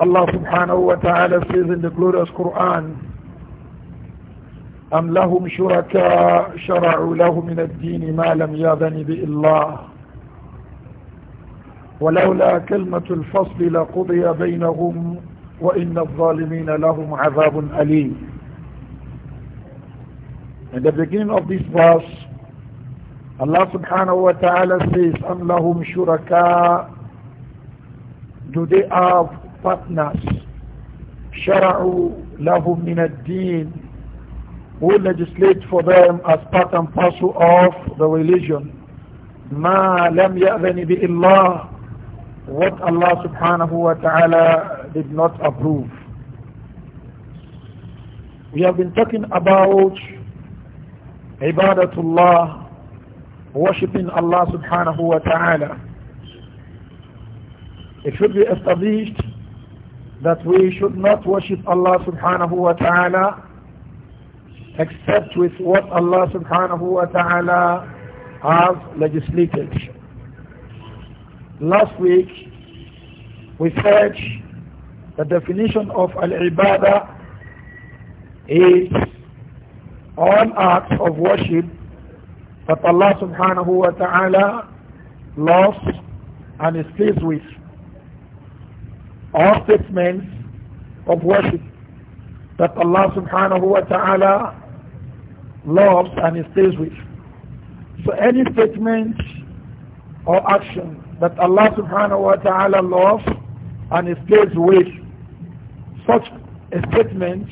Allah subhanahu wa ta'ala says in the glorious Quran, أَمْ لَهُمْ شُرَكَاءَ شَرَعُوا لَهُ مِنَ الدِّينِ مَا لَمْ يذن بِهِ اللَّهُ ولولا كلمة الفصل لقضي بينهم وإن الظالمين لهم عذاب أليم In the beginning of this verse, Allah subhanahu wa ta'ala says, أَمْ لَهُمْ شُرَكَاءَ Do they have partners شرعوا min من deen who legislate for them as part and parcel of the religion ما لم يأذن به الله what Allah subhanahu wa ta'ala did not approve we have been talking about ibadatullah worshipping Allah subhanahu wa ta'ala it should be established that we should not worship Allah subhanahu wa ta'ala except with what Allah subhanahu wa ta'ala has legislated. Last week we said the definition of al-ibadah is all acts of worship that Allah subhanahu wa ta'ala loves and is pleased with. All statements of worship that Allah subhanahu wa ta'ala loves and is pleased with. So any statement or action that Allah subhanahu wa ta'ala loves and is pleased with, such a statement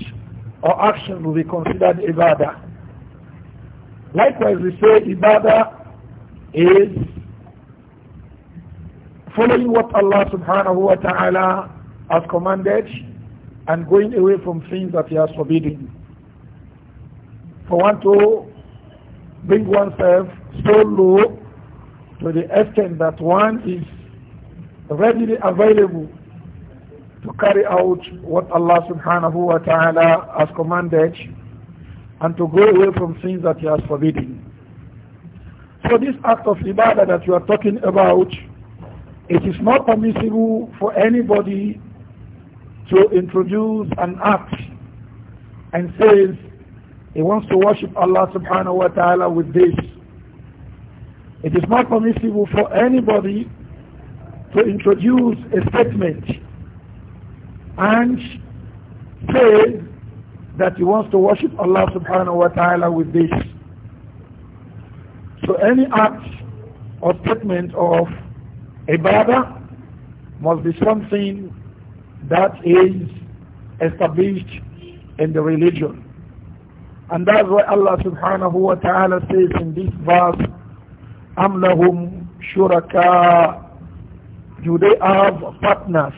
or action will be considered ibadah. Likewise, we say ibadah is following what Allah subhanahu wa ta'ala has commanded and going away from things that he has forbidden. For one to bring oneself so low to the extent that one is readily available to carry out what Allah subhanahu wa ta'ala has commanded and to go away from things that he has forbidden. So this act of ibadah that you are talking about it is not permissible for anybody to introduce an act and says he wants to worship Allah subhanahu wa ta'ala with this. It is not permissible for anybody to introduce a statement and say that he wants to worship Allah subhanahu wa ta'ala with this. So any act or statement of Ibadah must be something that is established in the religion. And that's why Allah subhanahu wa ta'ala says in this verse, "Amnahum shuraka." شُرَكَاءَ Do they have partners?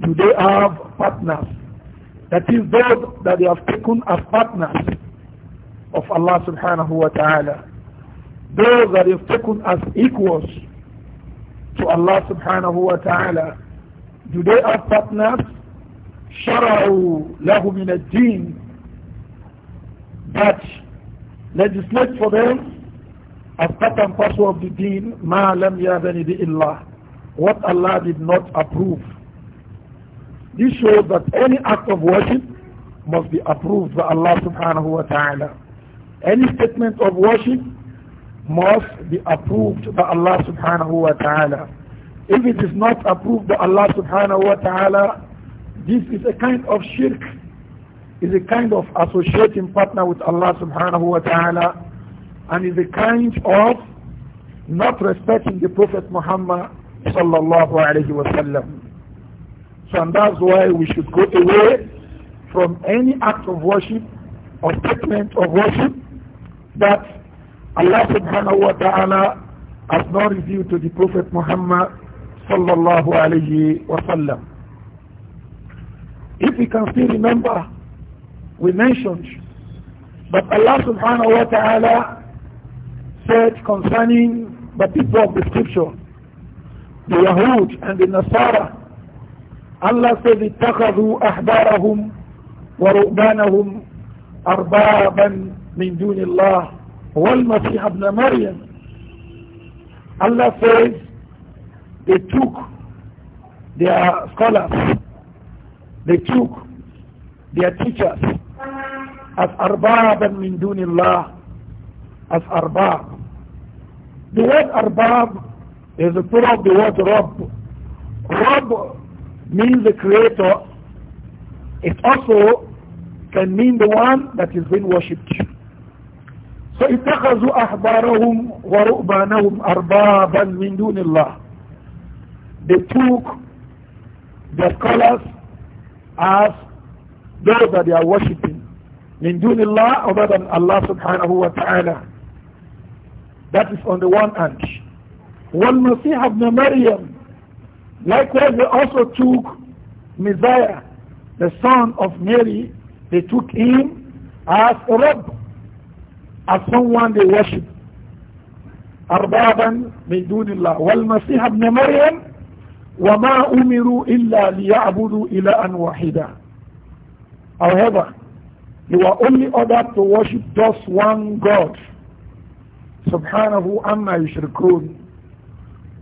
Do they have partners? That is those that they have taken as partners of Allah subhanahu wa ta'ala. Those that they have taken as equals to Allah subhanahu wa ta'ala. Do they have partners? شَرَعُوا لَهُ مِنَ الدِّينِ That legislate for them as part and parcel of the deen, مَا لَمْ يَذَنِ بِإِلَّهِ What Allah did not approve. This shows that any act of worship must be approved by Allah subhanahu wa ta'ala. Any statement of worship must be approved by Allah subhanahu wa ta'ala. If it is not approved by Allah subhanahu wa ta'ala, this is a kind of shirk, is a kind of associating partner with Allah subhanahu wa ta'ala, and is a kind of not respecting the Prophet Muhammad sallallahu alayhi wa sallam. So and that's why we should go away from any act of worship or statement of worship that Allah subhanahu wa ta'ala has not revealed to the Prophet Muhammad sallallahu alayhi wa sallam. If we can still remember, we mentioned that Allah subhanahu wa ta'ala said concerning the people of the scripture, the Yahud and the Nasara, Allah said, اتخذوا أحبارهم ورؤبانهم أربابا من دون الله والمسيح ابن مريم Allah says they took their scholars they took their teachers as arbab min dunillah as arbab the word arbab is a plural of the word rabb rabb means the creator it also can mean the one that is being worshipped فاتخذوا أحبارهم ورؤبانهم أربابا من دون الله they took their scholars as those that they are worshipping من دون الله other than Allah subhanahu wa ta'ala that is on the one hand والمسيح ابن مريم likewise they also took Messiah the son of Mary they took him as a Rabb as someone they worship. أربابا من دون الله والمسيح ابن مريم وما Allah إلا ليعبدوا إلها واحدا However, they were only ordered to worship just one God. Subhanahu amma yushrikun.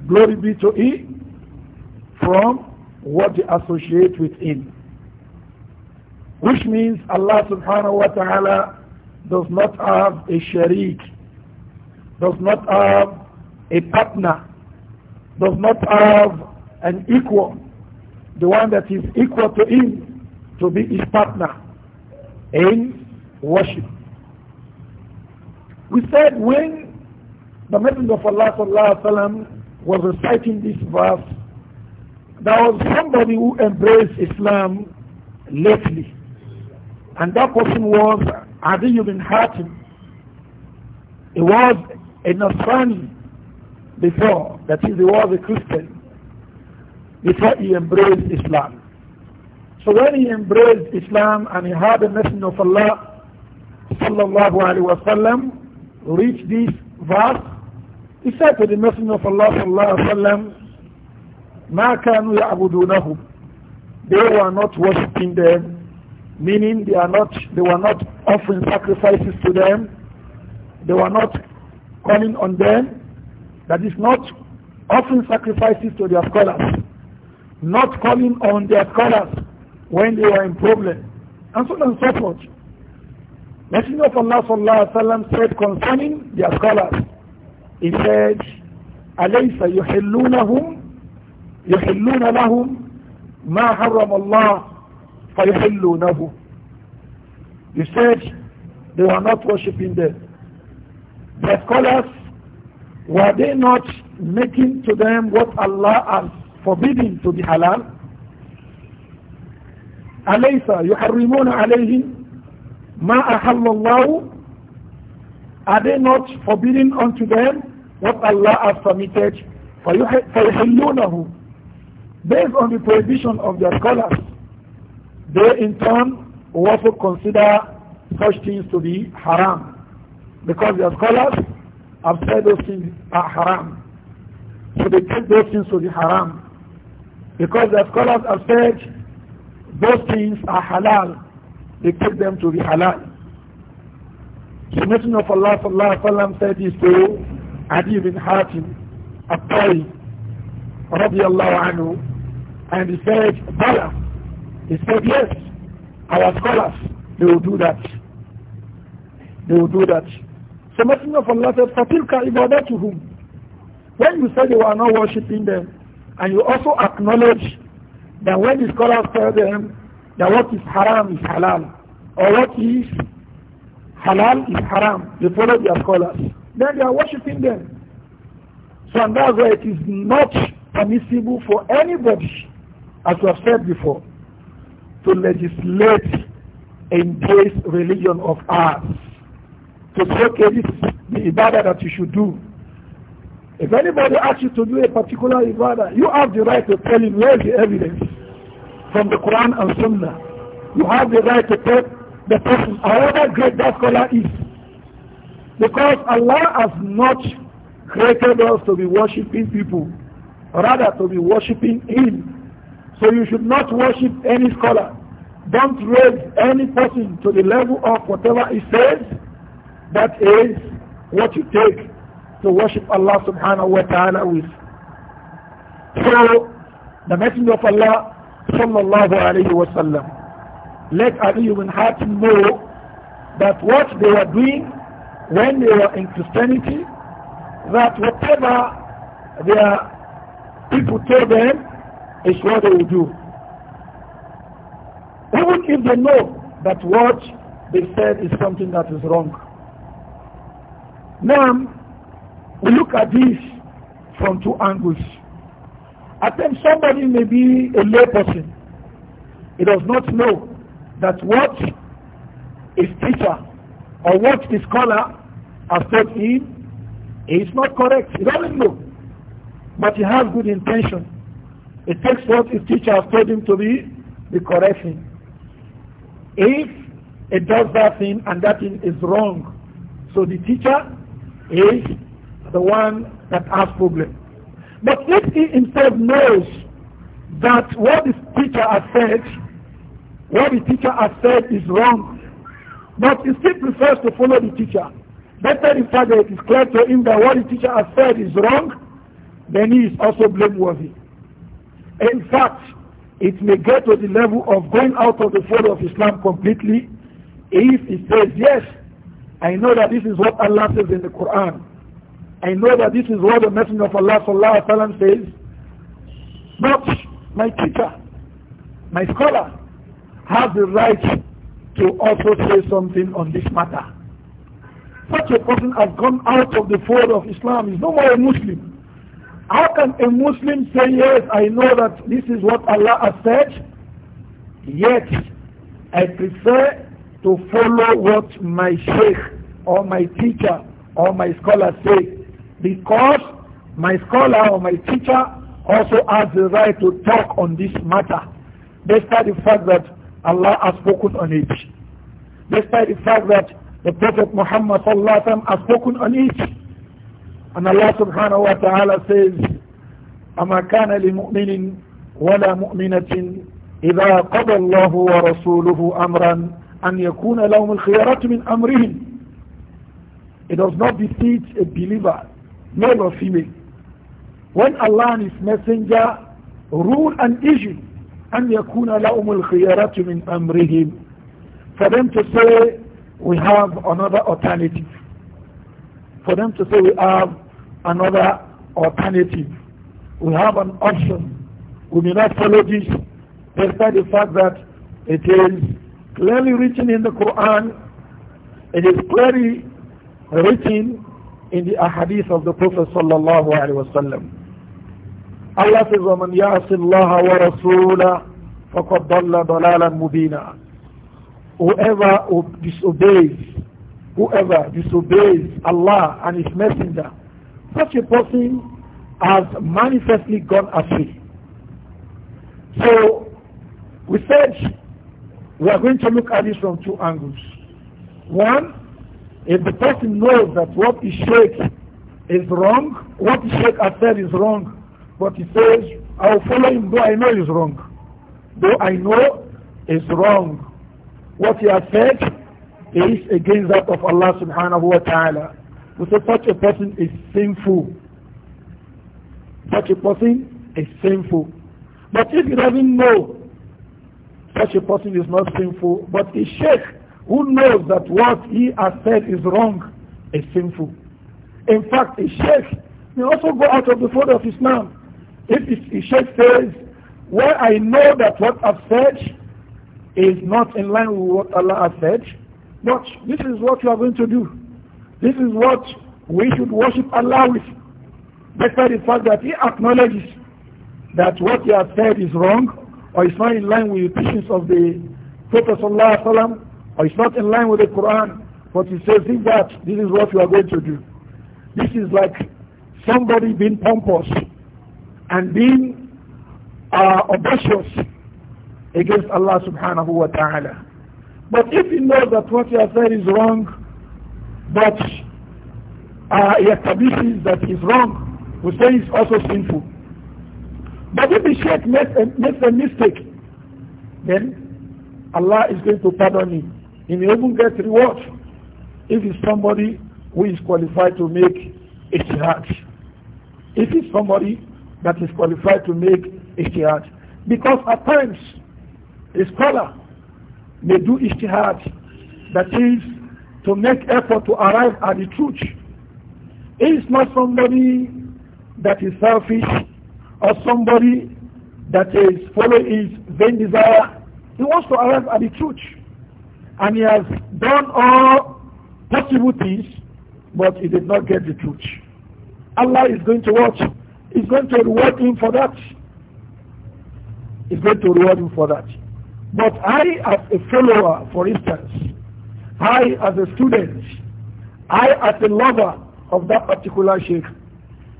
Glory be to He from what they associate with Him. Which means Allah subhanahu wa ta'ala does not have a sharik, does not have a partner, does not have an equal, the one that is equal to him to be his partner in worship. We said when the Messenger of Allah sallallahu was reciting this verse, there was somebody who embraced Islam lately. And that person was Adi bin Hatim. He was a Nasrani before, that is, he was a Christian before he embraced Islam. So when he embraced Islam and he had the message of Allah sallallahu alaihi wasallam reached this verse, he said to the message of Allah sallallahu alaihi wasallam, ما كانوا يعبدونهم. They were not worshipping them meaning they are not they were not offering sacrifices to them they were not calling on them that is not offering sacrifices to their scholars not calling on their scholars when they were in problem and so on and so forth Messenger of Allah sallallahu alaihi wasallam said concerning their scholars he said أليس يحلونهم يحلون لهم ما حرم الله فَيُحِلُّونَهُ You said they were not worshipping there. The scholars, were they not making to them what Allah has forbidden to be halal? أليس يحرمون عليهم ما أحل الله Are they not forbidding unto them what Allah has permitted? فَيُحِلُّونَهُ Based on the prohibition of their scholars, they in turn also consider such things to be haram because the scholars have said those things are haram. So they take those things to be haram because the scholars have said those things are halal. They take them to be halal. The Messenger of Allah sallallahu alaihi wasallam said this to Adi bin Hatim at-Tawi radiyallahu anhu and he said, Bala, he said, yes, our scholars, they will do that. They will do that. So Messenger of Allah said, Fatilka whom? When you say you are not worshipping them, and you also acknowledge that when the scholars tell them that what is haram is halal, or what is halal is haram, they follow their scholars, then they are worshipping them. So and that's why it is not permissible for anybody, as we have said before, to legislate in this religion of ours. To say, okay, this is the ibadah that you should do. If anybody asks you to do a particular ibadah, you have the right to tell him where is the evidence from the Quran and Sunnah. You have the right to tell the person, however great that scholar is. Because Allah has not created us to be worshipping people, rather to be worshipping Him. So you should not worship any scholar. Don't raise any person to the level of whatever he says. That is what you take to worship Allah subhanahu wa ta'ala with. So the Messenger of Allah sallallahu alayhi wa sallam let Ali ibn Hatim know that what they were doing when they were in Christianity, that whatever their people told them is what they will do. Even if they know that what they said is something that is wrong. Now, we look at this from two angles. I think somebody may be a lay person. He does not know that what his teacher or what his scholar has taught him is not correct. He doesn't know. But he has good intention. It takes what his teacher has told him to be the correct thing. If it does that thing and that thing is wrong, so the teacher is the one that has problem. But if he himself knows that what the teacher has said, what the teacher has said is wrong, but he still prefers to follow the teacher, better in fact that it is clear to him that what the teacher has said is wrong, then he is also blameworthy. In fact, it may get to the level of going out of the fold of Islam completely if he says, yes, I know that this is what Allah says in the Quran. I know that this is what the Messenger of Allah sallallahu says. But my teacher, my scholar, has the right to also say something on this matter. Such a person has gone out of the fold of Islam. He's no more a Muslim can a Muslim say, yes, I know that this is what Allah has said, yet I prefer to follow what my sheikh or my teacher or my scholar say because my scholar or my teacher also has the right to talk on this matter despite the fact that Allah has spoken on it despite the fact that the Prophet Muhammad has spoken on it and Allah subhanahu wa ta'ala says أما كان لمؤمن ولا مؤمنة إذا قضى الله ورسوله أمرا أن يكون لهم الخيارات من أمرهم It does not defeat a believer, male or female. When Allah and His Messenger rule an issue, أن يكون لهم الخيارات من أمرهم. For them to say, we have another alternative. For them to say, we have another alternative. we have an option. We may not follow this despite the fact that it is clearly written in the Quran, it is clearly written in the ahadith of the Prophet sallallahu alaihi wasallam. Allah says, وَمَنْ يَعْصِ اللَّهَ وَرَسُولَهُ فَقَدْ ضَلَّ ضَلَالًا مُبِينًا Whoever disobeys, whoever disobeys Allah and His Messenger, such a person has manifestly gone astray. So we said we are going to look at this from two angles. One, if the person knows that what said is wrong, what said has said is wrong, but he says, I will follow him though I know is wrong. Though I know is wrong. What he has said is against that of Allah subhanahu wa ta'ala. We say such a person is sinful such a person is sinful. But if he doesn't know such a person is not sinful, but a sheikh who knows that what he has said is wrong is sinful. In fact, a sheikh may also go out of the fold of Islam. If a sheikh says, well, I know that what I've said is not in line with what Allah has said, but this is what you are going to do. This is what we should worship Allah with. Despite the fact that he acknowledges that what he has said is wrong or is not in line with the teachings of the Prophet Wasallam, or is not in line with the Quran, but he says, that, this is what you are going to do. This is like somebody being pompous and being uh, audacious against Allah subhanahu wa ta'ala. But if he knows that what he has said is wrong, but uh, he establishes that he's wrong, we say it's also sinful. But if the sheikh makes a, makes a mistake, then Allah is going to pardon him. He may even get reward if it's somebody who is qualified to make ijtihad. If it's somebody that is qualified to make ijtihad. Because at times, a scholar may do ijtihad, that is, to make effort to arrive at the truth. It is not somebody that is selfish or somebody that is following his vain desire, he wants to arrive at the truth. And he has done all possible things, but he did not get the truth. Allah is going to watch. He's going to reward him for that. He's going to reward him for that. But I as a follower, for instance, I as a student, I as a lover of that particular sheikh,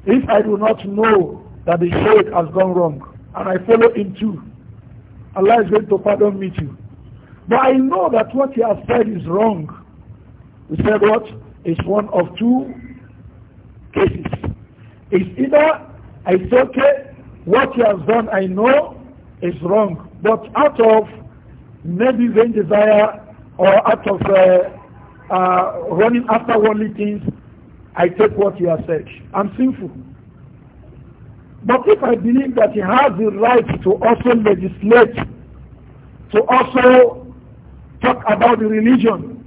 if I do not know that the sheikh has gone wrong and I follow him too, Allah is going to pardon me too. But I know that what he has said is wrong. He said what? It's one of two cases. It's either I say, okay, what he has done I know is wrong, but out of maybe vain desire or out of uh, uh, running after worldly things, I take what you have said. I'm sinful. But if I believe that he has the right to also legislate, to also talk about the religion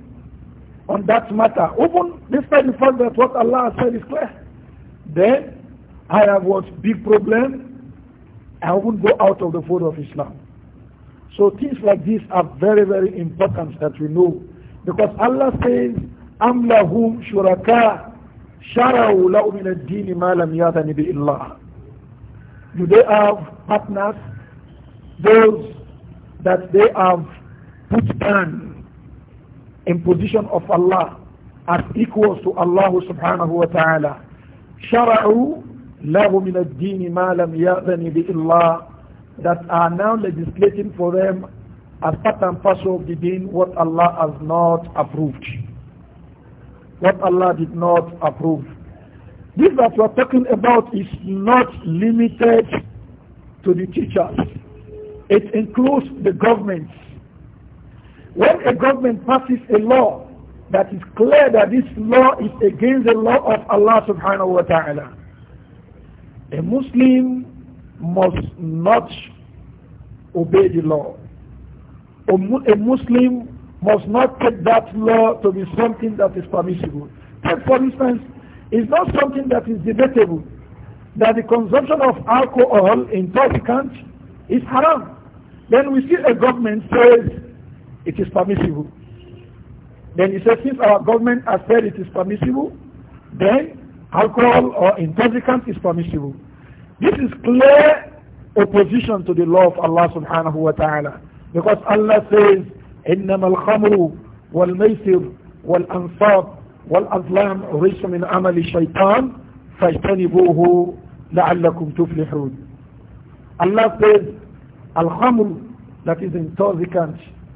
on that matter, even despite the fact that what Allah has said is clear, then I have what big problem. I won't go out of the fold of Islam. So things like this are very, very important that we know. Because Allah says, أَمْ لَهُمْ شُرَكَاءَ Shara'u لَهُ ad-dini ma lam يَذَنِ bi Allah. Do they have partners? Those that they have put down in position of Allah as equals to Allah subhanahu wa ta'ala. Shara'u لَهُ ad-dini ma lam يَذَنِ bi Allah That are now legislating for them as part and parcel of the deen what Allah has not approved what Allah did not approve. This that we're talking about is not limited to the teachers. It includes the government. When a government passes a law that is clear that this law is against the law of Allah subhanahu wa ta'ala, a Muslim must not obey the law. A Muslim must not take that law to be something that is permissible. Take for instance, it's not something that is debatable that the consumption of alcohol intoxicant is haram. Then we see a government says it is permissible. Then he says since our government has said it is permissible, then alcohol or intoxicant is permissible. This is clear opposition to the law of Allah subhanahu wa ta'ala. Because Allah says, إنما الخمر والميسر والأنصاب والأظلام رجس من عمل الشيطان فاجتنبوه لعلكم تفلحون Allah says Al-Khamr is intoxicant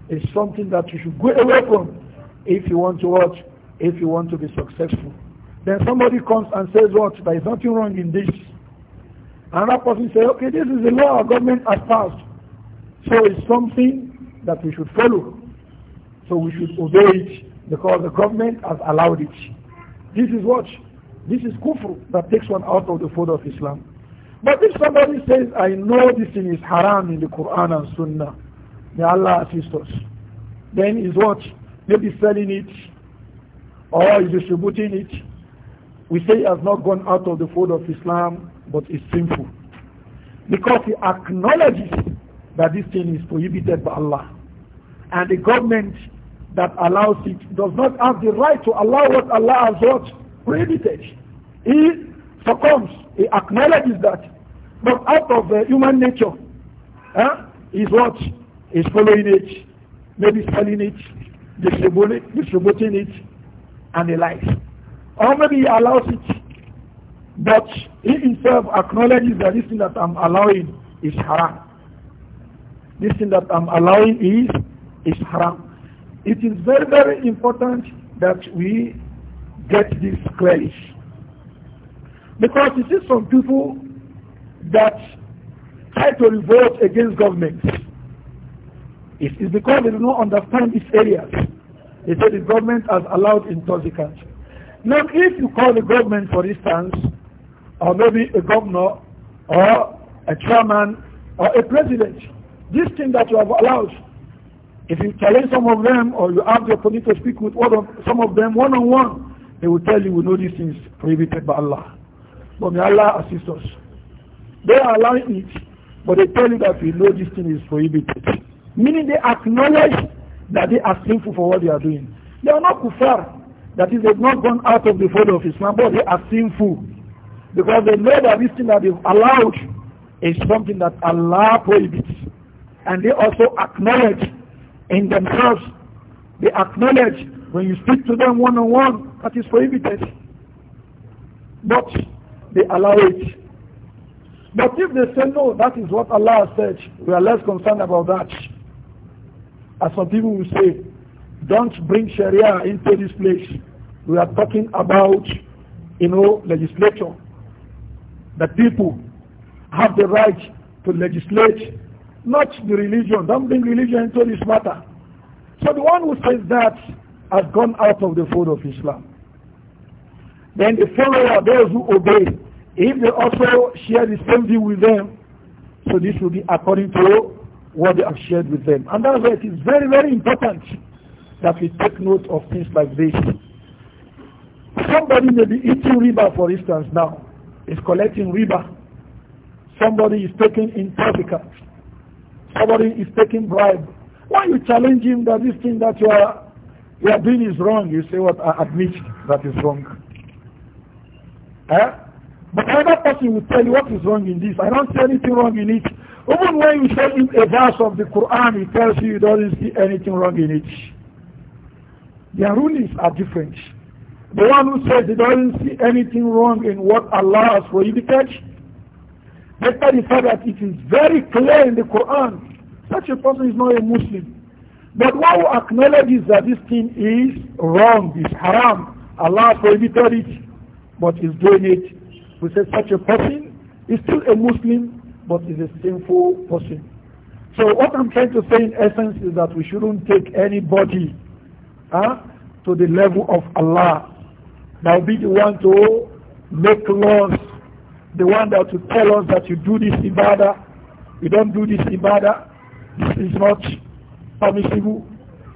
is something that you should go away from if you want to watch, if you want to be successful. Then somebody comes and says what? There is nothing wrong in this. Another person says, okay, this is the law our government has passed. So it's something that we should follow. So we should obey it because the government has allowed it. This is what? This is kufr that takes one out of the fold of Islam. But if somebody says, I know this thing is haram in the Quran and Sunnah, may Allah assist us. Then is what? Maybe selling it or is distributing it. We say it has not gone out of the fold of Islam, but it's sinful. Because he acknowledges that this thing is prohibited by Allah. And the government that allows it does not have the right to allow what Allah has what prohibited. He succumbs, he acknowledges that. But out of the human nature, huh, eh, is what is following it, maybe selling it, distributing, distributing it, and the like. Or maybe he allows it, but he himself acknowledges that this thing that I'm allowing is haram. This thing that I'm allowing is is haram. It is very, very important that we get this clearly. Because you see some people that try to revolt against government. It is because they do not understand these areas. They say the government has allowed intoxicants. Now, if you call the government, for instance, or maybe a governor, or a chairman, or a president, this thing that you have allowed, if you challenge some of them or you ask the opponent to speak with of, some of them one on one, they will tell you we know these things prohibited by Allah. But may Allah assist us. They are allowing it, but they tell you that we know this thing is prohibited. Meaning they acknowledge that they are sinful for what they are doing. They are not kufar. That is, they've not gone out of the fold of Islam, but they are sinful. Because they know that this thing that they've allowed is something that Allah prohibits. And they also acknowledge in themselves. They acknowledge when you speak to them one on one that is prohibited. But they allow it. But if they say no, that is what Allah said, we are less concerned about that. As some people will say, don't bring Sharia into this place. We are talking about, you know, legislature. The people have the right to legislate not the religion. Don't bring religion into this matter. So the one who says that has gone out of the fold of Islam. Then the follower, those who obey, if they also share the same view with them, so this will be according to what they have shared with them. And that's why it is very, very important that we take note of things like this. Somebody may be eating riba, for instance, now, is collecting riba. Somebody is taking intoxicants somebody is taking bribe. Why you challenge him that this thing that you are, you are doing is wrong, you say what I admit that is wrong. Eh? But another person will tell you what is wrong in this. I don't see anything wrong in it. Even when you show him a verse of the Quran, he tells you you don't see anything wrong in it. Their rulings are different. The one who says he doesn't see anything wrong in what Allah has prohibited, Despite the fact that it is very clear in the Quran, such a person is not a Muslim. But one who acknowledges that this thing is wrong, is haram, Allah prohibited it, but is doing it, we say such a person is still a Muslim, but is a sinful person. So what I'm trying to say in essence is that we shouldn't take anybody huh, to the level of Allah. Now be the one to make laws the one that will tell us that you do this ibadah, you don't do this ibadah, this is not permissible,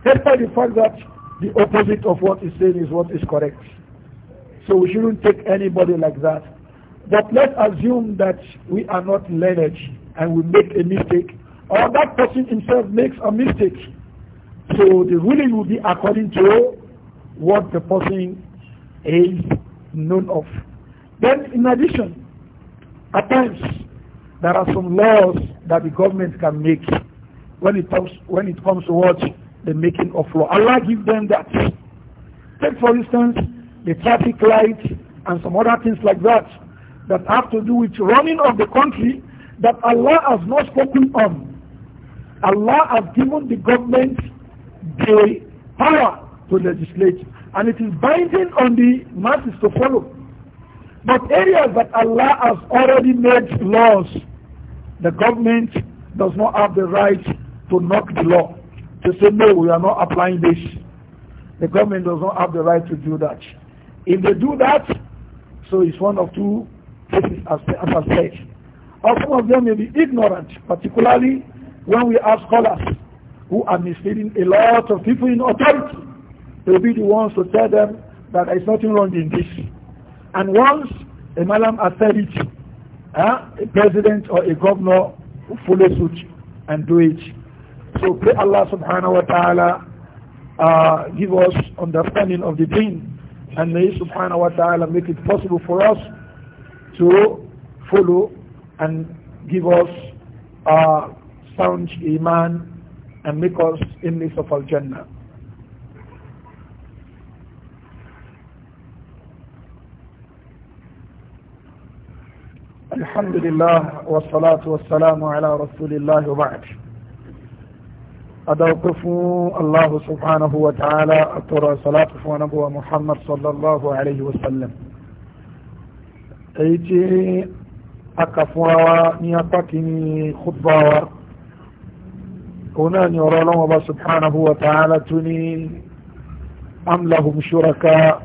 despite the fact that the opposite of what is said is what is correct. So we shouldn't take anybody like that. But let's assume that we are not learned and we make a mistake, or that person himself makes a mistake. So the ruling will be according to what the person is known of. Then in addition, at times, there are some laws that the government can make when it comes, when it comes to what? The making of law. Allah give them that. Take for instance, the traffic lights and some other things like that that have to do with running of the country that Allah has not spoken on. Allah has given the government the power to legislate and it is binding on the masses to follow. But areas that Allah has already made laws, the government does not have the right to knock the law. To say, no, we are not applying this. The government does not have the right to do that. If they do that, so it's one of two cases as, I said. Or some of them may be ignorant, particularly when we have scholars who are misleading a lot of people in authority. They'll be the ones to tell them that there is nothing wrong in this. And once a Malam authority, uh, a president or a governor follow suit and do it. So pray Allah subhanahu wa ta'ala uh, give us understanding of the thing, and may subhanahu wa ta'ala make it possible for us to follow and give us uh, sound iman and make us this of Al-Jannah. الحمد لله والصلاة والسلام على رسول الله وبعد أدوقف الله سبحانه وتعالى أترى صلاة ونبوة محمد صلى الله عليه وسلم أيتي أكفوا نيقتني خطبا هنا نرى الله سبحانه وتعالى تني أم لهم شركاء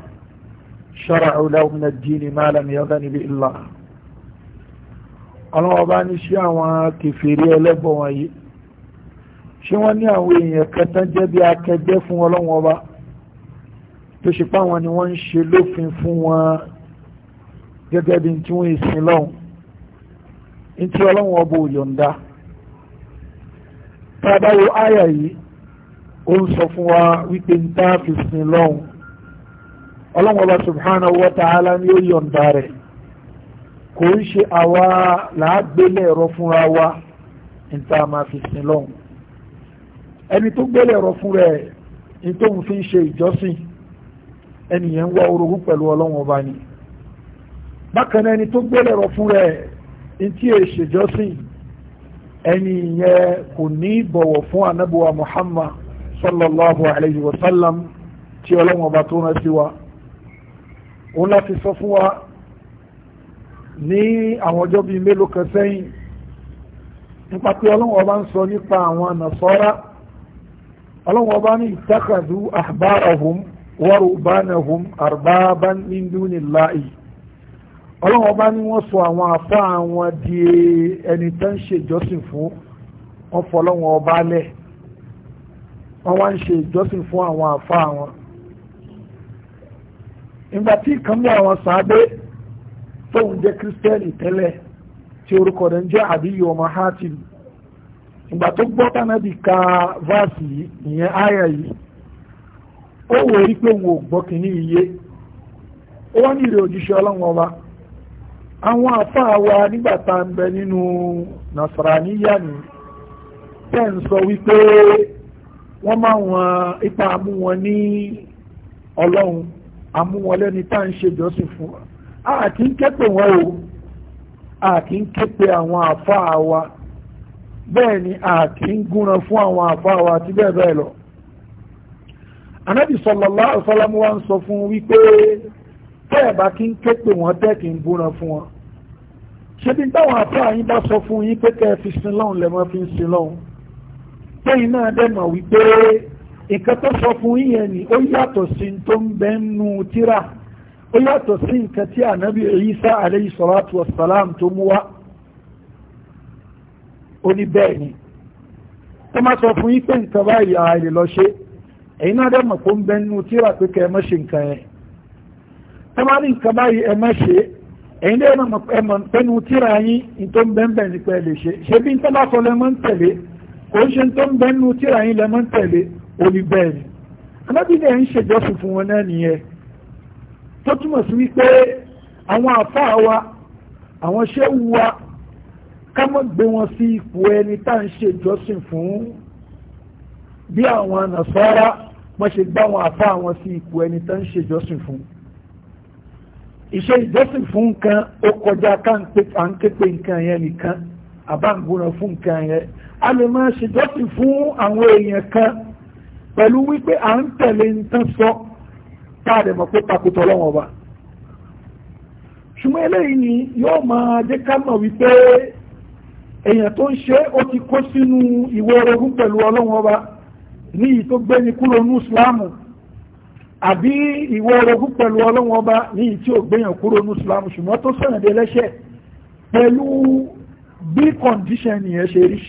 شرعوا له من الدين ما لم يذن به الله ọlọ́wọ́ bá ní ṣe àwọn kèfèrí ẹlẹ́bọ̀ wọ̀nyí ṣé wọ́n ní àwọn èèyàn kẹta jẹ́ bí akẹgbẹ́ fún ọlọ́wọ́ bá tó ṣe pá wọn ni wọ́n ń ṣe lófin fún wọn gẹ́gẹ́ bí tí wọ́n ìsìn lọ́hùn ní ọlọ́wọ́ bó yọ̀ǹda tá a bá wo àyà yìí ó ń sọ fún wa wípé ń tá a fi sìn lọ́hùn ọlọ́wọ́ bá subhanahu wa ta'ala ni ó yọ̀ǹda rẹ̀ kò ń ṣe àwa làágbélé ẹ̀rọ fúnra wa ní tá a máa fi sin lọ́hùn ẹni tó gbélé ẹ̀rọ fúnra ẹ̀ ní tóun fi ń ṣe ìjọsìn ẹnìyẹn ń wá orogún pẹ̀lú ọlọ́run ọba ni bákan ẹni tó gbélé ẹ̀rọ fúnra ẹ̀ ní tí èè ṣèjọsìn ẹnìyẹn kò ní bọ̀wọ̀ fún anábùwà Muhammad sallallahu alayhi wa sallam tí ọlọ́run ọba tó rán sí wa òun láti sọ fún wa ní àwọn ọjọ́ bíi mélòó kan sẹ́yìn nípa pé ọlọ́run ọba ń sọ nípa àwọn nàṣọ́rá ọlọ́run ọba ní ìtàkàdù ahbarahum wa rubanahum arbaban min dunillahi ọlọ́run ọba ní wọ́n sọ àwọn àfá àwọn di ẹni tó ṣe ìjọsìn fún wọn fọlọ́run ọba lẹ̀ wọ́n wá ń ṣe ìjọsìn fún àwọn àfá àwọn ìgbà tí ìkànnì àwọn sàádé tóun jẹ́ kírísítẹ́nì tẹ́lẹ̀ tí orúkọ rẹ̀ ń jẹ́ àbíyí ọmọ hátìm ìgbà tó gbọ́ tánàbì ka vaasi yìí ìyẹn àyà yìí ó wò rí pé òun gbọ́ kìíní iye ó wá ní ìrè òjíṣẹ́ ọlọ́run ọba àwọn wa nígbà tá à ń bẹ nínú nasaraniya ni tẹ́ ń sọ wípé wọ́n máa wọn ipa amú wọn ní ọlọ́run amú wọn lẹ́ni tá à ń a kì í képe wọn o a kì í képe àwọn àfáà wa bẹ́ẹ̀ ni a kì í gúnran fún àwọn àfáà wa àti bẹ́ẹ̀ bẹ́ẹ̀ lọ anábì sallallahu alaihi wasallam wa ń sọ fún wípé tẹ́ẹ̀ bá kí ń ké pè tẹ́ kí ń búra fún wọn ṣebí táwọn àfáà yín bá sọ fún yín pé kẹ́ ẹ fi sin lọ́hùn lẹ́mọ́ fi ń sin lọ́hùn tẹ́yìn náà dẹ́mọ̀ wípé nǹkan tó sọ fún yín yẹn ni ó yàtọ̀ sí tó ń bẹ́ nù tíra ó yàtọ̀ sí nǹkan tí ànábì Ìsá alayhi salatu wassalam tó mú wá ó ní bẹ́ẹ̀ ni tó máa sọ fún yín pé nǹkan báyìí àìlè lọ ṣe èyí náà dẹ́ mọ̀ pé ń bẹ nínú tíra pé kẹ́ ẹ má ṣe nǹkan yẹn tó máa ní nǹkan báyìí ẹ má ṣe èyí náà mọ̀ pé ẹmọ̀ pẹ́nu tíra yín ní tó ń bẹ́ẹ̀ bẹ́ẹ̀ nípa ẹ lè ṣe ṣe bí nǹkan bá sọ lẹ́ ń tẹ̀lé kò ń ṣe tó ń bẹ́ẹ̀ nínú tíra yín lẹ́ ń tẹ̀lé ó ní bẹ́ẹ̀ ni ànábì ń ṣèjọ́sìn fún wọn náà nìyẹn tó túmọ̀ sí wípé àwọn àfáà wa àwọn ṣéwù wa ká mọ̀ gbé wọn sí ipò ẹni tá à ń ṣe ìjọsìn fún bí àwọn nàṣọ́ra wọ́n ṣe gbá àwọn àfáà wọn sí ipò ẹni tá à ń ṣe ìjọsìn fún ìṣe ìjọsìn fún nǹkan ó kọjá ká ń képe nǹkan yẹn nìkan àbáǹgbóná fún nǹkan yẹn a lè máa ṣèjọ́sìn fún àwọn èèyàn kan pẹ̀lú wípé à ń tẹ̀lé nǹkan sọ táàdẹ̀ mọ̀ pé takùtọ̀ ọlọ́wọ̀n ọba ṣùgbọ́n eléyìí ni yóò máa jẹ́ ká mọ̀ wípé èèyàn tó ń ṣe ó ti kó sínú ìwé orogún pẹ̀lú ọlọ́wọ̀n ọba ní ìyí tó gbé ní kúrò ní ìsìláàmù àbí ìwé orogún pẹ̀lú ọlọ́wọ̀n ọba ní ìyí tí ò gbéyàn kúrò ní ìsìláàmù ṣùgbọ́n tó sọ̀rọ̀ dé lẹ́ṣẹ̀ pẹ̀lú bí kọ̀ǹdíṣẹ̀ nìyẹn ṣe rí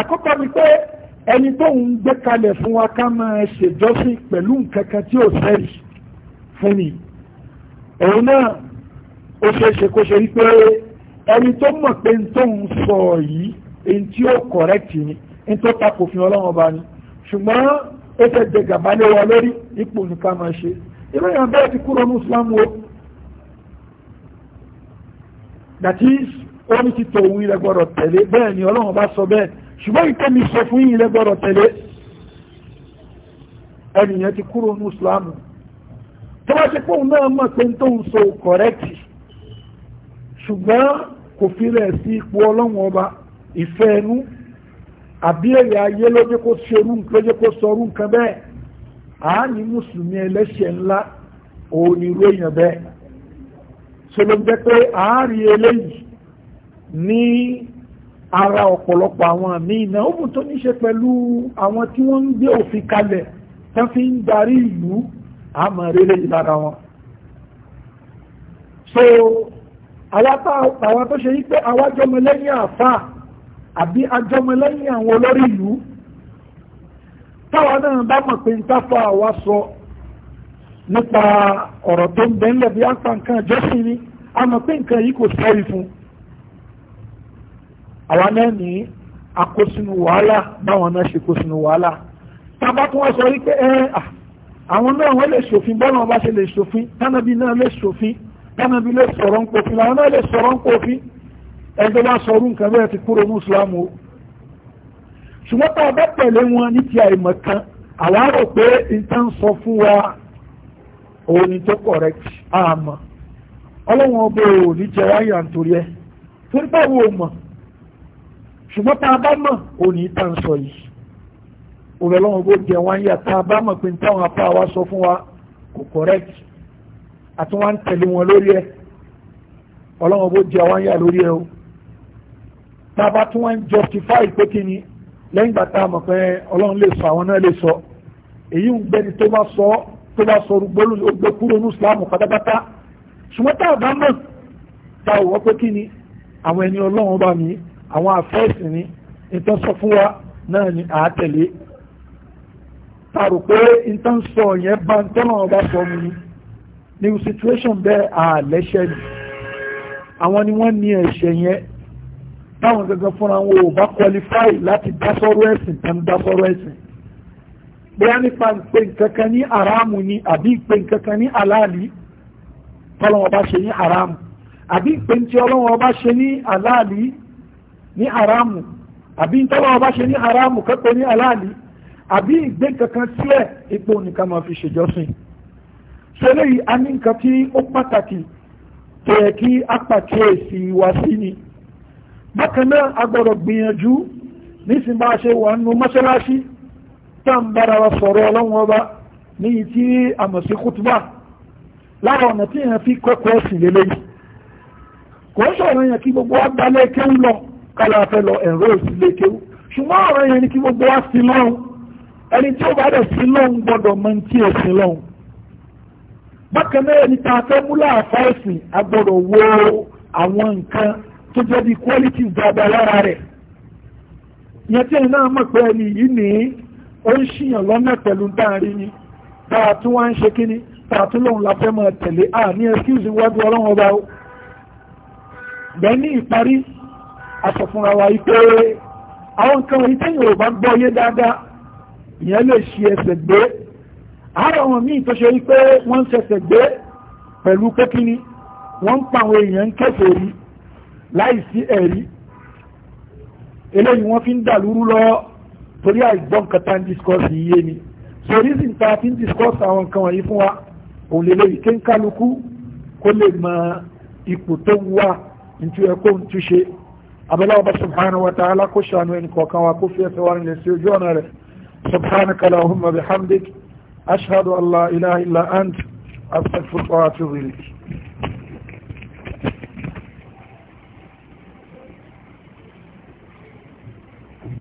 àkọ́kọ́ ni pé ẹni tó ń gbé kalẹ̀ fún wa ká máa ṣèjọ́sìn pẹ̀lú nǹkan kan tí ò sẹ́rì fún mi òun náà ó ṣeéṣe kó ṣe wípé ẹni tó mọ̀ pé n tó ń sọ yìí èyí tí ó kọ̀rẹ́tì ni n tó takò fi ọlọ́run ọba ni ṣùgbọ́n ó fẹ́ jẹ gàba lé wa lórí ipò nìkan máa ṣe irú yàn bẹ́ẹ̀ ti kúrò ní islam o that is ó ní ti tòun ilẹ̀ gbọ́dọ̀ tẹ̀lé bẹ́ẹ̀ ni ọlọ́run ọba sọ bẹ́ẹ̀ ṣùgbọ́n ìtẹ́mi sọ fún yìí lẹ́gbọ́rọ̀ tẹ̀lé ẹnìyàn ti kúrò ní islamu tó bá ṣe pòun náà mọ̀ pé tó ń so kọ̀rẹ́kì ṣùgbọ́n kò fi rẹ̀ sí ipò ọlọ́run ọba ìfẹ́ ẹnu àbí ẹ̀yà ayé ló jẹ́ kó ṣerú ló jẹ́ kó sọrú nǹkan bẹ́ẹ̀ àání mùsùlùmí ẹlẹ́ṣẹ̀ ńlá òun ni irú èèyàn bẹ́ẹ̀ ṣe ló ń jẹ́ pé àárín eléyìí ní ara ọ̀pọ̀lọpọ̀ àwọn àmì ìnà ó mú tó ní ṣe pẹ̀lú àwọn tí wọ́n ń gbé òfin kalẹ̀ tán fi ń darí ìlú àmà rere ìlara wọn so àwọn tó ṣe wípé awájọmọlẹ́yìn àfà àbí ajọmọlẹ́yìn àwọn olórí ìlú táwa náà bá mọ̀ pé ń táfà àwa sọ nípa ọ̀rọ̀ tó ń bẹ́ńlẹ̀ bí àpá nǹkan jọ́sìn ni a mọ̀ pé nǹkan yìí kò sẹ́rí fún un àwa náà ní akósínú wàhálà báwọn náà ṣe kósínú wàhálà tábà tí wọ́n sọ wípé ẹ àwọn náà wọ́n lè ṣòfin bọ́ọ̀lù wọn bá ṣe lè ṣòfin tánàbí náà lè ṣòfin tánàbí lè sọ̀rọ̀ ń pòfin làwọn náà lè sọ̀rọ̀ ń pòfin ẹgbẹ́ bá sọ orúkọ bẹ́ẹ̀ ti kúrò ní islam o ṣùgbọ́n tá a bá tẹ̀lé wọn ní ti àìmọ̀ kan àwa rò pé nǹkan sọ fún wa òun tó correct àmọ́ ọlọ́wọ́n ọbẹ̀ òní jẹ́ wáyà nítorí ẹ torí ṣùgbọ́n tá a bá mọ̀ ò ní tá ń sọ yìí òwe lọ́wọ́ bó jẹ wá ń yà tá a bá mọ̀ pé táwọn apá wa sọ fún wa kò correct àti wọ́n ń tẹ̀lé wọn lórí ẹ̀ ọlọ́wọ́ bó jẹ wá ń lórí ẹ̀ o tá a bá tún wọ́n ń justify pé kí ni lẹ́yìn ìgbà tá a mọ̀ pé ọlọ́run lè sọ àwọn náà lè sọ èyí ń gbẹni tó bá sọ tó bá sọ rúgbólú ó gbé kúrò ní Islam pátápátá ṣùgbọ́n tá a bá mọ̀ tá a wọ́ pé kí ni àwọn ẹni ọlọ́run bá mi àwọn àfẹ́sì ni ìtàn sọ fún wa náà ni àátẹ̀lé tààrò pé ìtàn sọ yẹn bá ń tọ́nà ọba sọ mu ni ní situation bẹ́ẹ̀ àlẹ́ṣẹ́ ni àwọn ni wọ́n ní ẹ̀ṣẹ̀ yẹn táwọn gangan fúnra wọn ò bá qualify láti dásọ́rọ́ ẹ̀sìn tán dásọ́rọ́ ẹ̀sìn bóyá nípa ìpè nǹkankan ní aráàmù ni àbí ìpè nǹkankan ní aláàlí tọ́lọ́wọ́n bá ṣe ní aráàmù àbí ìpè ntí ọlọ́wọ́n bá ṣe ní aláàlí ní haramu àbí tọ́lọ́ ọba ṣe ní haramu kẹ́kọ̀ọ́ ní aláàlì àbí ìgbé kankan sílẹ̀ ipò nìkan máa fi ṣèjọ́sìn ṣẹlẹ̀ yìí a ní nǹkan tí ó pàtàkì tó yẹ kí a pàkíyèsí wá sí ni bákan náà a gbọ́dọ̀ gbìyànjú nísìn bá a ṣe wà nínú mọ́ṣáláṣí tá ń bára wa sọ̀rọ̀ ọlọ́run ọba ní yìí tí a mọ̀ sí kútùbà lára ọ̀nà tí èèyàn fi kọ́kọ́ sí lélẹ́yìn kò ń sọ̀rọ̀ yẹn kí gbogbo wa gbalẹ̀ kéwù lọ kálá fẹ́ lọ ẹ̀rọ òsìlè kéwú ṣùgbọ́n ọ̀rọ̀ yẹn ni kí gbogbo wa sí lọ́hùn ẹni tí ó bá dẹ̀ sí lọ́hùn gbọ́dọ̀ mọ tí ò sí lọ́hùn bákan náà ẹni tá a fẹ́ mú láàfá ẹ̀sìn a gbọ́dọ̀ wo àwọn nǹkan tó jẹ́ bí quality dáadáa lára rẹ̀ ìyẹn tí ẹni náà mọ̀ pé ẹni yìí ní ó ń ṣìyàn lọ́nà pẹ̀lú dáàrin ni táà tún wá ń ṣe kíní táà tún lòun la fẹ́ mọ̀ tẹ̀lé à ní excuse wájú ọlọ́run ọba o bẹ́ẹ̀ ní ìparí aṣọ fúnra wa ipé àwọn nǹkan wọ̀nyí tẹ́yìn ò bá gbọ́ yé dáadáa ìyẹn lè ṣe ẹsẹ̀ gbé àárọ̀ wọn míì tó ṣe wípé wọ́n ń ṣẹsẹ̀ gbé pẹ̀lú kékiní wọ́n ń pa àwọn èèyàn ń kẹfẹ́ rí láìsí ẹ̀rí eléyìí wọ́n fi ń dàlúrú lọ torí àìgbọ́n kata ń discuss iye ni so reason ta fi ń discuss àwọn nǹkan wọ̀nyí fún wa òun lè léyìí kéńkálukú kó lè mọ ipò tó ń wà ní tí ẹ kó ń túṣe. abẹ́lẹ́ ọba subhanahu wa ta'ala kó ṣàánú ẹni kọ̀ọ̀kan wa kó fi ẹsẹ̀ wa nílẹ̀ sí ojú ọ̀nà rẹ̀ subhanaka lahumma bihamdik ashhadu an la ilaha illa ant astaghfiruka wa atubu ilayk